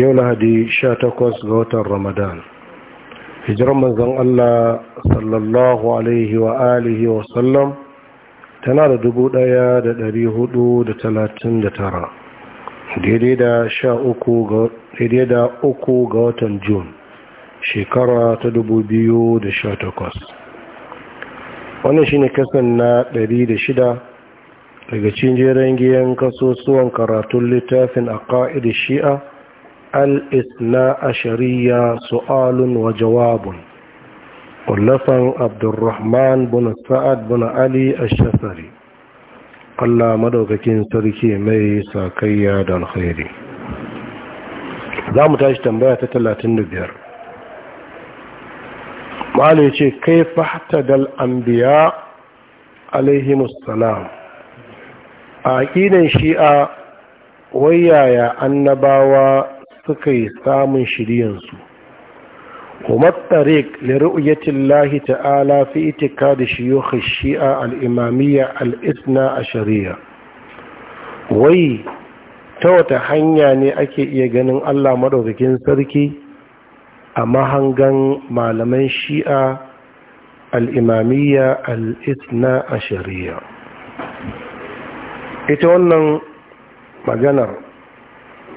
yau lahadi sha takwas ga watan ramadan hijirar manzan allah sallallahu alaihi wa alihi wa sallam tana da dubu da da da dari hudu talatin tara, daidai da uku ga watan Jun, shekara ta dubu biyu da sha takwas. wannan shine kasan na dari da shida. daga cinjeren giyan kasusuwan karatun littafin a ƙa'id shi'a al-isna a shari'a su'alun wa jawabun ƙullafan abdurrahman bin sa'ad bin ali a shasari allah madaukakin sarki mai sakayya da alkhairi za mu tashi tambaya ta talatin da biyar. ma'ala ce kai fahta dal anbiya alaihimussalam a aƙidan shi'a wayaya annabawa suka yi samun shiryansu kuma tariq liru'yatin lahi ta'ala fi itika da shiyukhar shi'a al'imamiyya al'isna a shari'a wai ta wata hanya ne ake iya ganin allah maɗaukakin sarki a mahangan malaman shi'a al'imamiyya al'isna a shari'a ita wannan maganar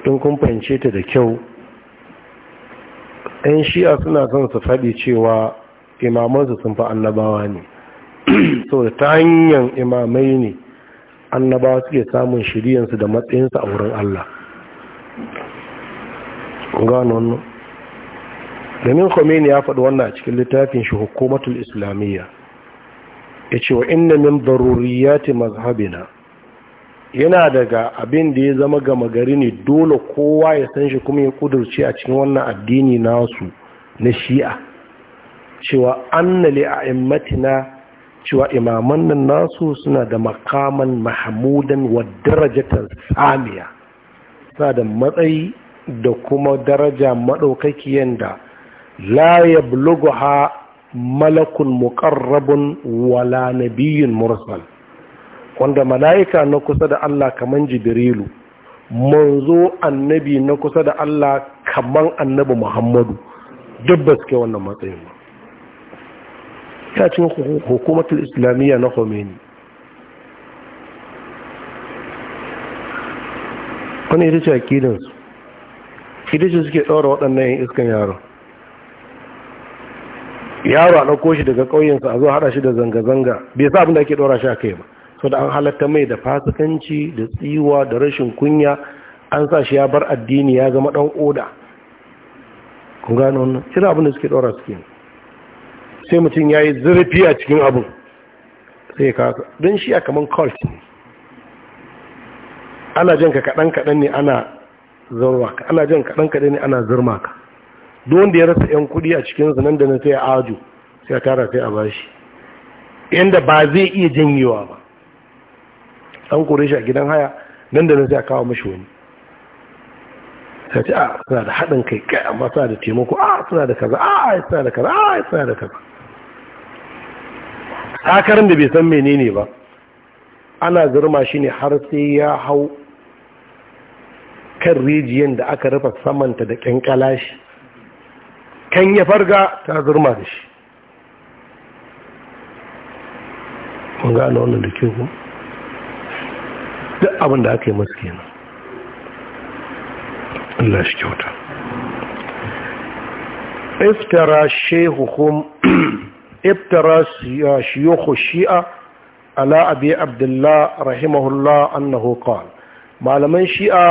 in kun fahimce ta da kyau yan shi'a suna son su faɗi cewa imamansu sun fi annabawa ne so da ta hanyar imamai ne annabawa suke samun shiriyansu da matsayinsu a wurin Allah damin domin Khomeini ya faɗi wannan a cikin littafin shi hukumatul islamiyya ya ce wa inna min daruriyati mazhabina yana daga abin da ya zama gama gari ne dole kowa ya san shi kuma ya kudurce a cikin wannan addini nasu na shi'a cewa annali a immatina cewa imaman nan nasu suna da makaman mahamudan wa darajatar samiya suna da matsayi da kuma daraja maɗaukakiyan da la ya ha malakun muƙarrabun wala nabiyin mursal wanda mala'ika na kusa da Allah kaman jibrilu manzo annabi na kusa da Allah kaman annabi muhammadu duk ba suke wannan matsayin ba ya cin hukumatul islamiyya na khomeini wani ita ce akidansu ita ce suke ɗaura waɗannan yin iskan yaron yaro a ɗauko shi daga ƙauyensa a zo haɗa shi da zanga-zanga bai sa abin da ake ɗora shi a kai ba so da an halatta mai da fasikanci da tsiwa da rashin kunya an sa shi ya bar addini ya zama dan oda kun gano wannan kira abin da suke dora suke sai mutum ya yi zurfi a cikin abin sai ka don shi a kaman cult ne ana jan ka kaɗan kaɗan ne ana zurma ka ana jan kaɗan kaɗan ne ana zurma ka duk wanda ya rasa 'yan kuɗi a cikin nan da na sai a ajo sai a tara sai a bashi yanda ba zai iya janyewa ba an kore shi a gidan haya nan da nan sai a kawo mashi wani ta ce a ah, suna da haɗin kai kai amma suna da taimako a ah, suna da kaza a ah, suna da kaza a suna da kaza takarar da bai san menene ba ana zurma shi ne har sai ya hau kan rijiyar da aka rufa samanta da kyankala shi kan ya farga ta zurma da shi mun gane wannan da ke kuma duk abin da aka yi masu kenan Allah shi kyauta iftara shehuhun iftara shi'a ala abi abdullah rahimahullah annahu malaman shi'a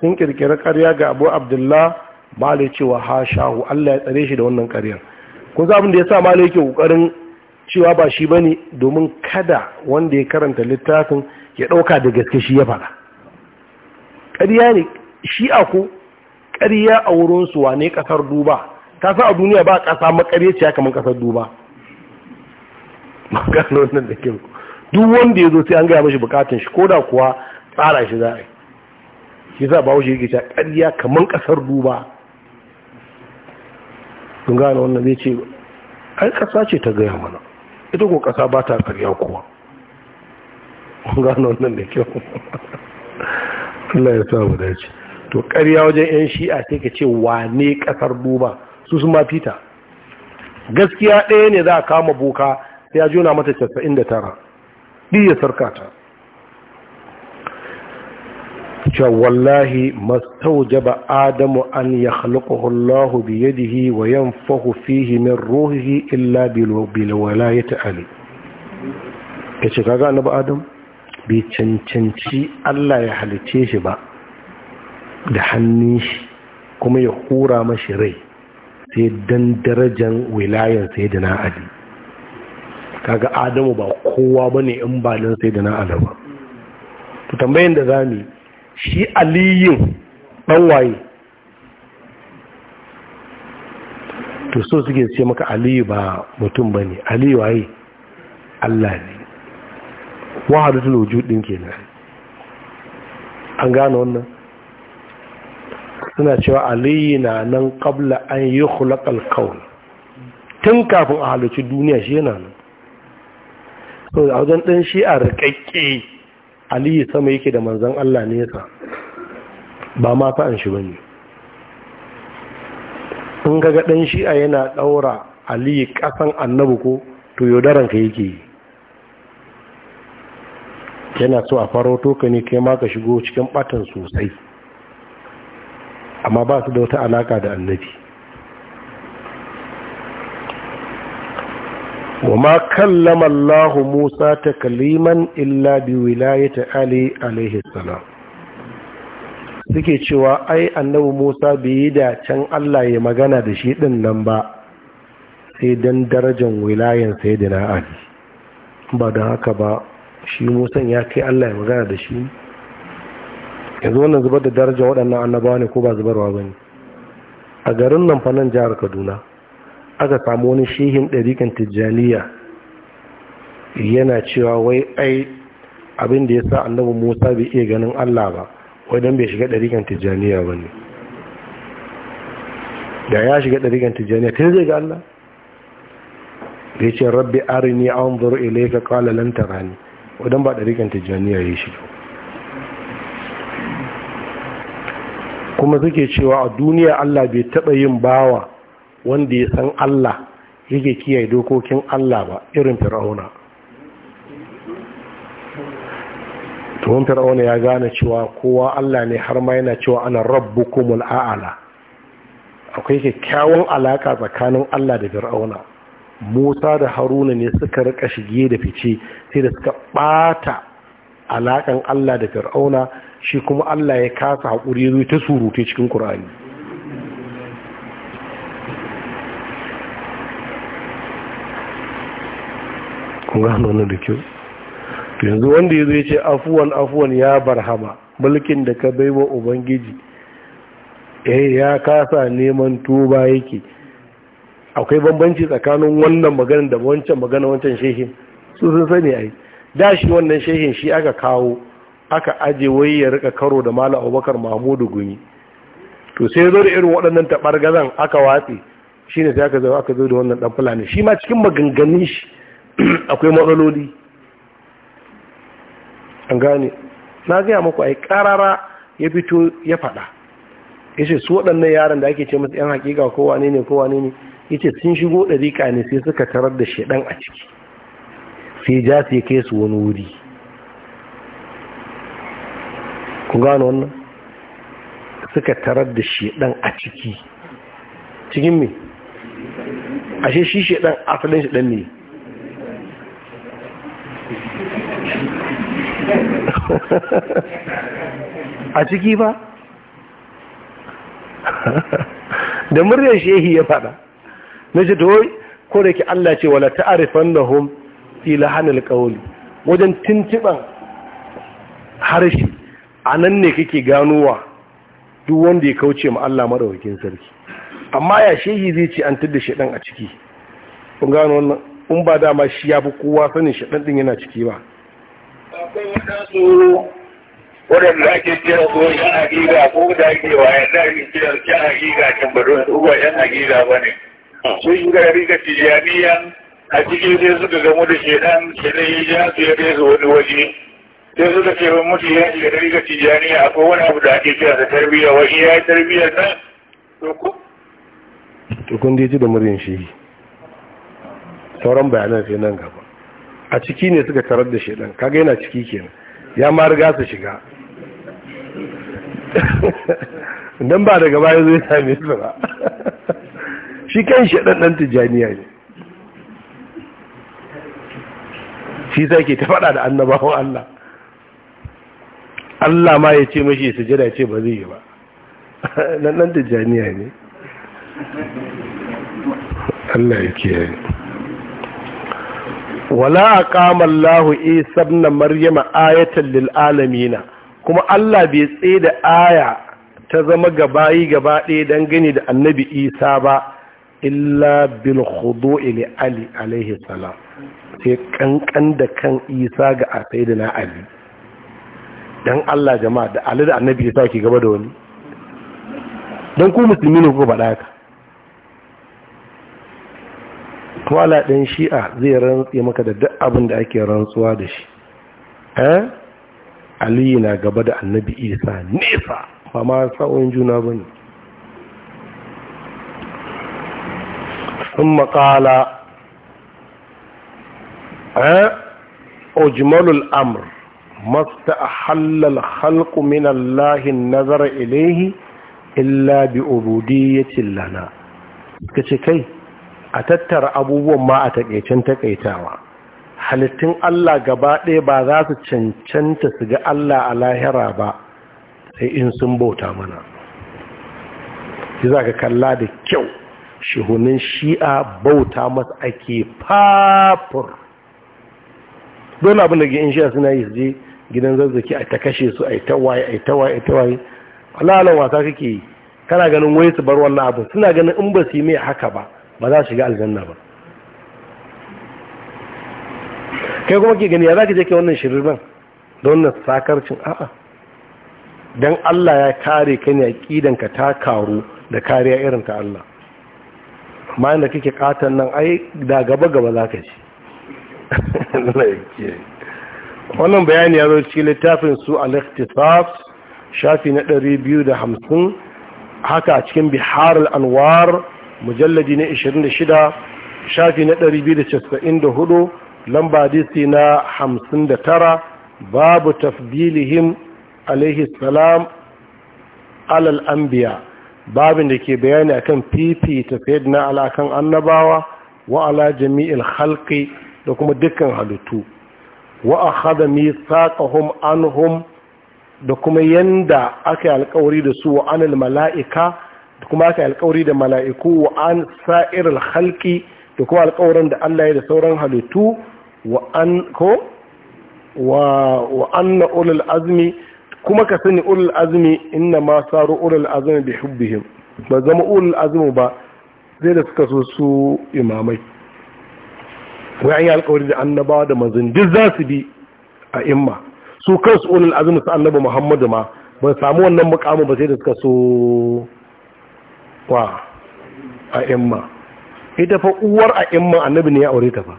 sun kirkiri karya ga abu abdullah malai cewa ha shahu Allah ya tsare shi da wannan karyar kun za abin da ya sa malai yake kokarin cewa ba shi bane domin kada wanda ya karanta littafin ya ɗauka da gaske shi ya fara ƙarya ne shi a ko ƙarya a wurinsu wane ƙasar duba ta sa a duniya ba ƙasa ya kamar ƙasar duba nan da kyau duk wanda ya zo sai an gaya mashi bukatun shi ko da kuwa tsara shi za a yi za sa ba shi yake cewa ƙarya kamar ƙasar duba sun gane wannan zai ce ai ƙasa ce ta gaya mana ita ko ƙasa ba ta ƙarya kuwa kun gano wannan da kyau Allah ya samu dace to karya wajen yan shi'a sai ka ce wane ƙasar duba su sun ma fita gaskiya ɗaya ne za a kama boka sai ya jona mata 99 ɗiya sarkata ce wallahi jaba adamu an ya khalqahu Allah bi yadihi wa fahu fihi min ruhihi illa ya ta'ali ali ce kaga ba adamu bai cancanci Allah ya halice shi ba da hannun shi kuma ya hura mashi rai sai dan darajan wilayan sai da na'adi kaga adamu ba kowa ba ne in balin sai da na'ada ba to tambayin da zami shi aliyin dan waye to so suke ce maka aliyu ba mutum ba ne aliyu waye Allah ne wahadatul wujud din kenan an gane wannan suna cewa aliyu na nan kabla an yi khulaqal tun kafin a halarci duniya shi yana nan so da wajen ɗan shi a rikakke aliyu sama yake da manzan Allah nesa ba ma fa'an shi bane in kaga ɗan shi'a yana ɗaura aliyu kasan annabu ko to yaudaranka yake yi yana so a farauto toka ne kai ma ka shigo cikin batan sosai amma ba su da wata alaka da annabi wa ma kallama Allah Musa takliman illa bi wilayati Ali alaihi salam suke cewa ai annabi Musa bai yi da can Allah ya magana da shi din nan ba sai dan darajar wilayan sayyidina Ali ba da haka ba shi musan ya kai allah ya magana da shi yanzu wannan zubar da darajar waɗannan annabawa ne ko ba zubarwa ba ne a garin nan fanan jihar kaduna aka samu wani shehin ɗarikan tijjaniya yana cewa wai ai abin da ya sa annabi musa bai iya ganin allah ba wai don bai shiga ɗarikan tijjaniya ba ne da ya shiga ɗarikan tijjaniya tun zai ga allah ya ce rabbi arini an zuru ilaika kala rani. wadanda ba ɗarikan tijjaniya ya shi kuma suke cewa a duniya allah bai taɓa yin bawa wanda ya san allah yake kiyaye dokokin allah ba irin fir'auna tuwon fir'auna ya gane cewa kowa allah ne har ma yana cewa ana kuma a'ala akwai kyakkyawan alaƙa tsakanin allah da fir'auna musa da haruna ne suka rika shige da fice sai da suka bata alakan allah da fir'auna shi kuma allah ya kasa haƙuri zai ta surute cikin Qur'ani kun wannan da kyau yanzu wanda ya zai ce afuwan afuwan ya barhama mulkin da ka baiwa ubangiji eh ya kasa neman tuba yake akwai bambanci tsakanin wannan maganin da wancan magana wancan shehin su sun sani yi. da shi wannan shehin shi aka kawo aka aje wai ya rika karo da mala abubakar mahmudu gumi to sai zo da irin waɗannan gazan aka watsi shi ne sai aka zo aka zo da wannan ɗan fulani shi ma cikin maganganun shi akwai matsaloli an gane na gaya muku ai ƙarara ya fito ya faɗa ya ce su waɗannan yaran da ake ce masu 'yan hakika kowa ne ne kowa ne ne yace sun shigo dariƙa ne sai suka tarar da shaɗan a ciki sai ja sai kai su wani wuri ku gano wannan suka tarar da shaɗan a ciki cikin me ashe shi a asalin shaɗan ne a ciki ba da muryar shehi ya fada na ji doi ko da ke Allah ce wala ta'arifan lahum fi lahanil qawli wajen tintiban harshe a nan ne kake ganowa duk wanda ya kauce ma Allah madaukakin sarki amma ya shehi zai ce an tudda shedan a ciki kun gano wannan in ba dama shi ya fi kowa sanin shedan ɗin yana ciki ba akwai wadansu waɗanda ake kira su yan hakika ko da ake wa yan da ake kira yan hakika tambarin su ba yan hakika ba ne sun gari ga tijaniyan a cikin sai suka gamu da shedan shedan ya su ya kai su wani waje sai suka ce wani mutu ya shiga gari ga tijaniya akwai wani abu da ake kira da tarbiyya ya yi tarbiyyar nan to kun ya ci da murin shi sauran bayanan sai nan gaba a ciki ne suka tarar da shedan kaga yana ciki kenan ya ma riga su shiga dan ba daga baya zai same su ba shi kan shi ɗanɗan tijjaniya ne shi sai ke ta faɗa da annabawan Allah Allah ma ya ce mashi sujada ce ba zai yi ba Ɗan ɗan tijjaniya ne Allah ya kiyaye wala aqama Allah Isa ibn Maryam ayatan lil alamin kuma Allah bai tsaye da aya ta zama gabayi gabaɗe don gani da Annabi Isa ba illa bil khudu ila ali alaihi salam sai kankan da kan isa ga a sayyidina ali dan Allah jama'a da ali da annabi ya saki gaba da wani dan ku musulmi ne kuka faɗa ka, wala ɗan shi'a zai rantse maka da duk abin da ake rantsuwa da shi eh aliyu na gaba da annabi isa nesa ba ma sa'o'in juna ba ne ثم قال أجمل الأمر ما استأحل الخلق من الله النظر إليه إلا kai a tattara abubuwan ma ما أتكيشن تكيتاوا halittun Allah gaba ɗaya ba za su cancanta su ga Allah a lahira ba sai in sun bauta mana. Ki za ka kalla da kyau shihunin shi'a bauta masa ake fafur don abin da in shi'a suna yi su je gidan zazzaki a ta kashe su a ta waye a ta waye a ta waye alalan wasa kake yi kana ganin wai su bar wannan abin suna ganin in ba su yi mai haka ba ba za su shiga aljanna ba kai kuma ke gani ya za ka je ke wannan shirirban da wannan sakarcin a'a don Allah ya kare ka ne a ƙidanka ta karu da kariya irin ta Allah bayan da kake katon nan ai da gaba gaba za ka ci wannan bayani ya zo cikin littafin su al-ikhtisaf shafi na 250 haka a cikin bihar al mujallaji na 26 shafi na 294 lamba disi na 59 babu tafbilihim alaihi salam alal babin da ke bayani akan fifita sayyidina na alakan annabawa wa ala jami'il halki da kuma dukkan halittu wa akhadha mithaqahum anhum da kuma yanda aka yi alkawari da su wa anil mala'ika da kuma aka yi alkawari da mala'iku wa an sa'ir halki da kuma alkawarin da Allah ya da sauran halittu wa an ko wa an ulul azmi kuma ka sani ulul azumi inna ma saru ulul azumi bi hubbihim ba zama ulul azumi ba sai da suka so su imamai wai an yi alkawari da annabawa da manzanni duk za su bi a imma su kansu ulul azumi su annabi muhammadu ma ba samu wannan mukamin ba sai da suka so wa a imma ita fa uwar a imma annabi ne ya aure ta fa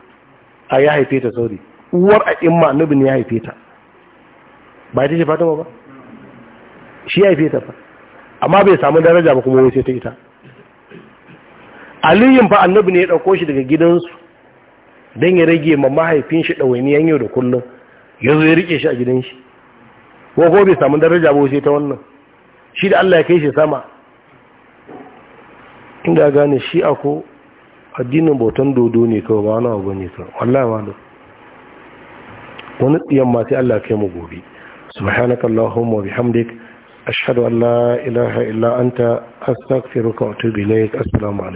a ya haife ta sauri uwar a imma annabi ne ya haife ta ba ta shi fatima ba shi ya fi ta fa amma bai samu daraja ba kuma wai ta ita aliyun fa annabi ne ya ɗauko shi daga gidansu don ya rage ma mahaifin shi ɗawainiyan yau da kullum ya zo ya rike shi a gidan shi ko ko bai samu daraja ba sai ta wannan shi da Allah ya kai shi sama inda gane shi ako addinin bautan dodo ne kawai ba wani abu ne kawai wallahi ma wani tsiyan ma sai Allah kai mu gobe subhanaka allahumma bihamdik ashhadu an la ilaha illa anta astaghfiruka wa atubu ilaik assalamu